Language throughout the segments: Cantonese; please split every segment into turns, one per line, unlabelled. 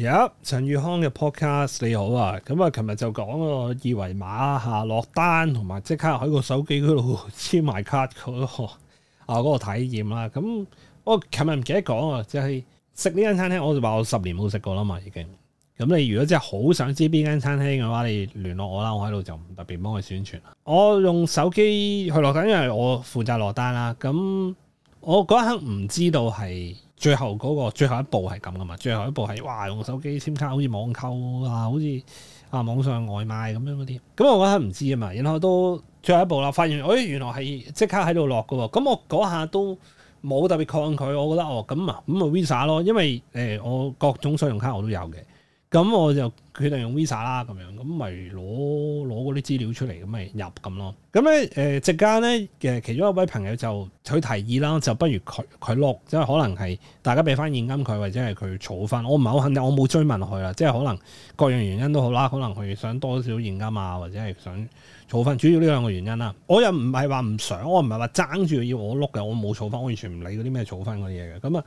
有、yep，陳宇康嘅 podcast 你好啊，咁啊，琴日就講個二維碼吓落單，同埋即刻喺個手機嗰度簽埋卡嗰個啊嗰個體驗啦。咁我琴日唔記得講啊，即係食呢間餐廳，我就話我十年冇食過啦嘛已經。咁你如果真係好想知邊間餐廳嘅話，你聯絡我啦，我喺度就唔特別幫佢宣傳。我用手機去落單，因為我負責落單啦。咁我嗰一刻唔知道係。最後嗰，那個最後一步係咁噶嘛。最後一步係哇用手機簽卡好似網購啊，好似啊網上外賣咁樣嗰啲，咁我嗰下唔知啊嘛，然後都最後一步啦，發現誒、哎、原來係即刻喺度落噶。咁我嗰下都冇特別抗拒，我覺得哦咁啊咁咪 Visa 咯，因為誒、呃、我各種信用卡我都有嘅。咁、嗯、我就決定用 Visa 啦，咁樣咁咪攞攞嗰啲資料出嚟，咁咪入咁咯。咁咧誒，即間咧誒，呢其，其中一位朋友就佢提議啦，就不如佢佢碌，即係可能係大家俾翻現金佢，或者係佢儲翻。我唔係好肯定，我冇追問佢啦，即係可能各樣原因都好啦，可能佢想多少現金啊，或者係想儲翻，主要呢兩個原因啦。我又唔係話唔想，我唔係話爭住要我碌嘅，我冇儲翻，我完全唔理嗰啲咩儲翻嗰啲嘢嘅。咁啊，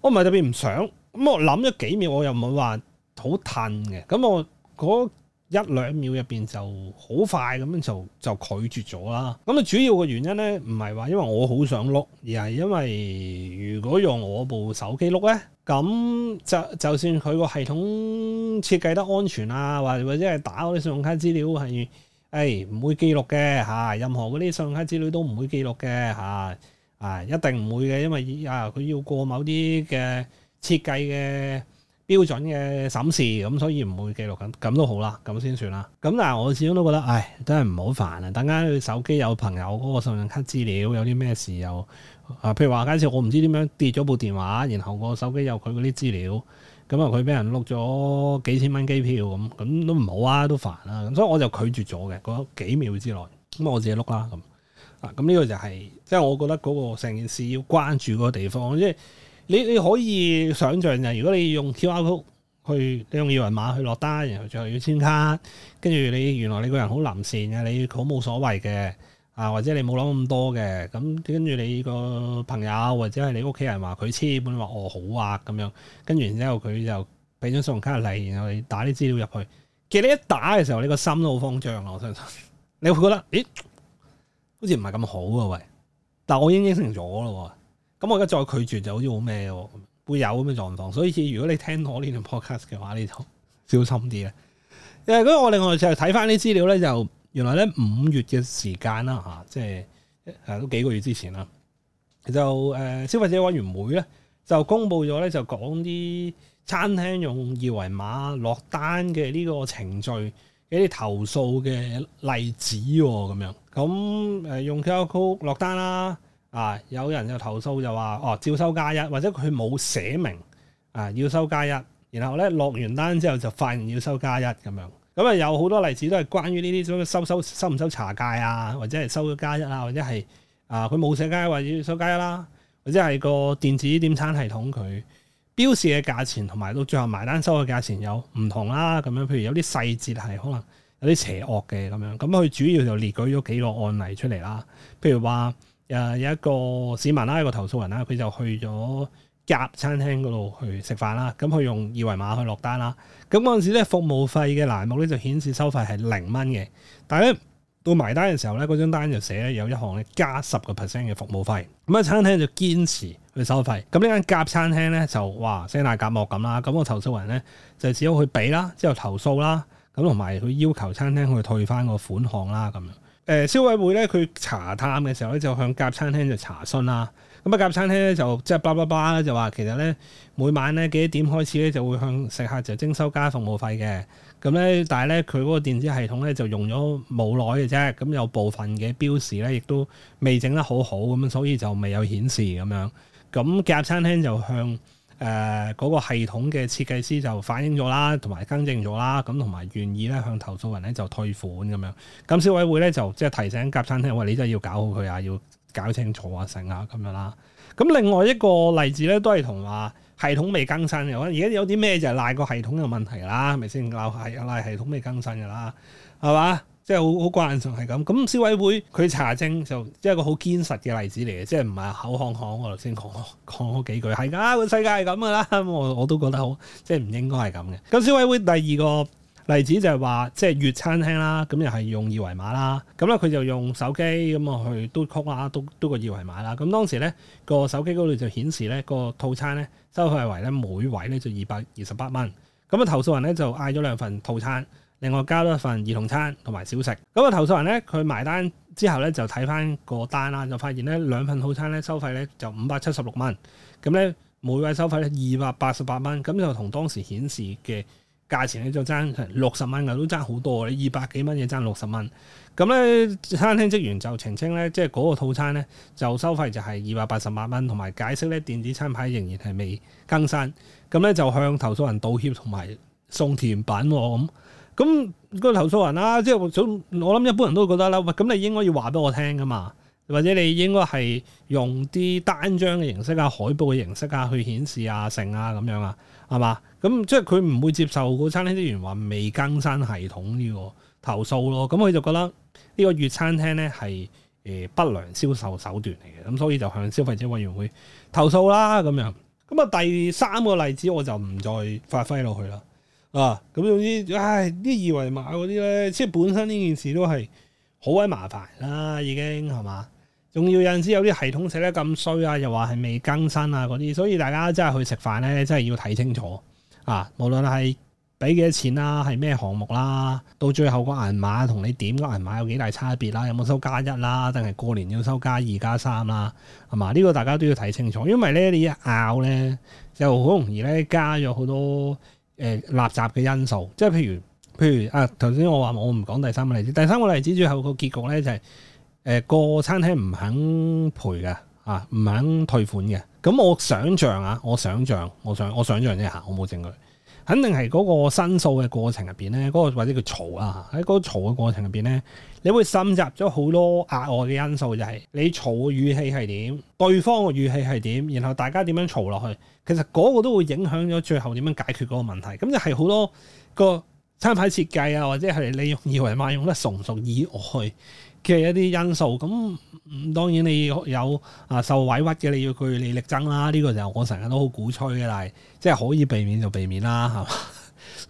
我唔係特別唔想，咁我諗咗幾秒，我又唔會話。好褪嘅，咁我嗰一兩秒入邊就好快咁樣就就拒絕咗啦。咁啊，主要嘅原因咧，唔係話因為我好想碌，而係因為如果用我部手機碌咧，咁就就算佢個系統設計得安全啊，或或者係打嗰啲信用卡資料係，誒、哎、唔會記錄嘅嚇、啊，任何嗰啲信用卡資料都唔會記錄嘅嚇，啊，啊一定唔會嘅，因為啊佢要過某啲嘅設計嘅。標準嘅審視，咁所以唔會記錄緊，咁都好啦，咁先算啦。咁但係我始終都覺得，唉，真係唔好煩啊！等間佢手機有朋友嗰個信用卡資料有，有啲咩事又啊？譬如話，假設我唔知點樣跌咗部電話，然後我手機有佢嗰啲資料，咁啊佢俾人碌咗幾千蚊機票咁，咁都唔好啊，都煩啦。咁所以我就拒絕咗嘅，嗰幾秒之內，咁我自己碌啦咁啊。咁呢個就係、是、即係我覺得嗰個成件事要關注嗰個地方，即係。你你可以想象就如果你用 QR code 去，你用二維碼去落單，然後最後要簽卡，跟住你原來你個人好臨線嘅，你好冇所謂嘅，啊或者你冇諗咁多嘅，咁跟住你個朋友或者係你屋企人話佢車本話哦，好啊咁樣，跟住之後佢就俾張信用卡嚟，然後你打啲資料入去，其實你一打嘅時候，你個心都好慌張，我相信你會覺得，咦，好似唔係咁好啊喂，但我已經應承咗咯。咁我而家再拒絕就好似好咩嘅，會有咁嘅狀況。所以如果你聽我呢段 podcast 嘅話，你就小心啲咧。誒，咁我另外就睇翻啲資料咧，就原來咧五月嘅時間啦嚇，即係誒都幾個月之前啦，就誒消費者委員會咧就公布咗咧，就講啲餐廳用二維碼落單嘅呢個程序，一啲投訴嘅例子喎，咁樣咁誒用 QR Code 落單啦。啊！有人又投訴就話，哦，照收加一，或者佢冇寫明啊，要收加一，然後咧落完單之後就發現要收加一咁樣。咁啊，有好多例子都係關於呢啲，收收收唔收茶芥啊，或者係收咗加一啊，或者係啊，佢冇寫加一或者要收加一啦、啊，或者係個電子點餐系統佢標示嘅價錢同埋到最後埋單收嘅價錢有唔同啦、啊。咁樣，譬如有啲細節係可能有啲邪惡嘅咁樣。咁佢主要就列舉咗幾個案例出嚟啦，譬如話。誒有一個市民啦，一個投訴人啦，佢就去咗夾餐廳嗰度去食飯啦。咁佢用二維碼去落單啦。咁嗰陣時咧，服務費嘅欄目咧就顯示收費係零蚊嘅。但係咧到埋單嘅時候咧，嗰張單就寫咧有一項咧加十個 percent 嘅服務費。咁啊餐廳就堅持去收費。咁呢間夾餐廳咧就嘩聲大夾薄咁啦。咁個投訴人咧就只好去俾啦，之後投訴啦。咁同埋佢要求餐廳去退翻個款項啦，咁樣。誒、呃、消委會咧，佢查探嘅時候咧，就向甲餐廳就查詢啦。咁啊，甲餐廳咧就即係叭叭叭就話，其實咧每晚咧幾多點開始咧，就會向食客就徵收加服務費嘅。咁咧，但係咧佢嗰個電子系統咧就用咗冇耐嘅啫。咁有部分嘅標示咧，亦都未整得好好咁，所以就未有顯示咁樣。咁甲餐廳就向。誒，嗰個系統嘅設計師就反映咗啦，同埋更正咗啦，咁同埋願意咧向投訴人咧就退款咁樣。咁消委會咧就即係提醒甲餐廳，喂、哎，你真係要搞好佢啊，要搞清楚啊，成啊咁樣啦。咁另外一個例子咧，都係同話系統未更新，嘅話，而家有啲咩就係賴個系統嘅問題啦，係咪先？賴係賴系統未更新噶啦，係嘛？即係好好慣常係咁，咁消委會佢查證就即係個好堅實嘅例子嚟嘅，即係唔係口慷慷我頭先講講咗幾句，係噶世界係咁噶啦，我我都覺得好，即係唔應該係咁嘅。咁消委會第二個例子就係話，即係月餐廳啦，咁又係用二維碼啦，咁咧佢就用手機咁啊去篤 code 啦，篤篤個二維碼啦，咁當時咧個手機嗰度就顯示咧個套餐咧收費係為咧每位咧就二百二十八蚊，咁啊投訴人咧就嗌咗兩份套餐。另外加多一份兒童餐同埋小食，咁個投訴人呢，佢埋單之後呢，就睇翻個單啦，就發現呢兩份套餐呢，收費呢就五百七十六蚊，咁呢，每位收費呢二百八十八蚊，咁就同當時顯示嘅價錢呢，就爭六十蚊嘅都爭好多，你二百幾蚊嘢爭六十蚊，咁呢，餐廳職員就澄清呢，即係嗰個套餐呢，就收費就係二百八十八蚊，同埋解釋呢，電子餐牌仍然係未更新，咁呢，就向投訴人道歉同埋送甜品喎、哦、咁。咁嗰個投訴人啦，即係想我諗，一般人都會覺得啦，喂，咁你應該要話俾我聽噶嘛，或者你應該係用啲單張嘅形式啊、海報嘅形式啊去顯示啊、成啊咁樣啊，係嘛？咁即係佢唔會接受個餐廳職員話未更新系統呢個投訴咯。咁佢就覺得呢個月餐廳咧係誒不良銷售手段嚟嘅，咁所以就向消費者委員會投訴啦。咁樣咁啊，第三個例子我就唔再發揮落去啦。啊，咁總之，唉，啲二維碼嗰啲咧，即係本身呢件事都係好鬼麻煩啦，已經係嘛？仲要有陣時有啲系統寫得咁衰啊，又話係未更新啊嗰啲，所以大家真係去食飯咧，真係要睇清楚啊！無論係俾幾多錢啦，係咩項目啦，到最後個銀碼同你點個銀碼有幾大差別啦，有冇收加一啦，定係過年要收加二加三啦，係嘛？呢個大家都要睇清楚，因為咧你一拗咧，就好容易咧加咗好多。誒，垃圾嘅因素，即係譬如譬如啊，頭先我話我唔講第三個例子，第三個例子最後個結局咧就係誒，個餐廳唔肯賠嘅啊，唔肯退款嘅。咁我想像啊，我想像，我想我想，我想像一下，我冇證據。肯定係嗰個申訴嘅過程入邊呢，嗰個或者叫嘈啊！喺嗰個嘈嘅過程入邊呢，你會滲入咗好多額外嘅因素，就係你嘈嘅語氣係點，對方嘅語氣係點，然後大家點樣嘈落去，其實嗰個都會影響咗最後點樣解決嗰個問題。咁就係好多個餐牌設計啊，或者係你用二維碼用得熟唔熟以外。嘅一啲因素，咁當然你有啊受委屈嘅，你要據理力爭啦。呢個就我成日都好鼓吹嘅，但係即係可以避免就避免啦，係嘛？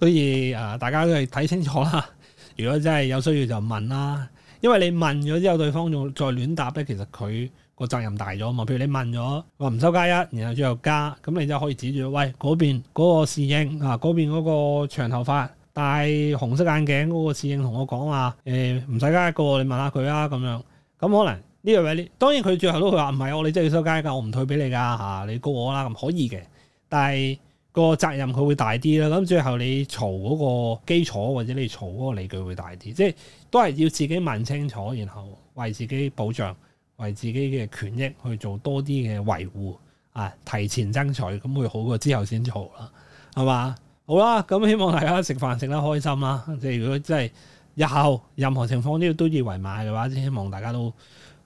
所以啊、呃，大家都係睇清楚啦。如果真係有需要就問啦，因為你問咗之後，對方仲再亂答咧，其實佢個責任大咗啊嘛。譬如你問咗話唔收加一，然後最後加，咁你就可以指住喂嗰邊嗰個侍應啊，嗰邊嗰個長頭髮。戴紅色眼鏡嗰個侍應同我講話，誒唔使加一個，你問下佢啦。」咁樣。咁、嗯、可能呢位當然佢最後都佢話唔係，我你真係要收加一個，我唔退俾你噶嚇，你告我啦，咁可以嘅。但係個責任佢會大啲啦。咁、嗯、最後你嘈嗰個基礎或者你嘈嗰個理據會大啲，即係都係要自己問清楚，然後為自己保障、為自己嘅權益去做多啲嘅維護啊，提前爭取咁會好過之後先嘈啦，係嘛？好啦，咁、嗯、希望大家食飯食得開心啦。即係如果真係日後任何情況都要都以為買嘅話，即希望大家都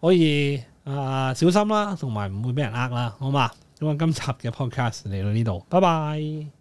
可以啊、呃、小心啦，同埋唔會俾人呃啦，好嘛？咁、嗯、啊，今集嘅 podcast 嚟到呢度，拜拜。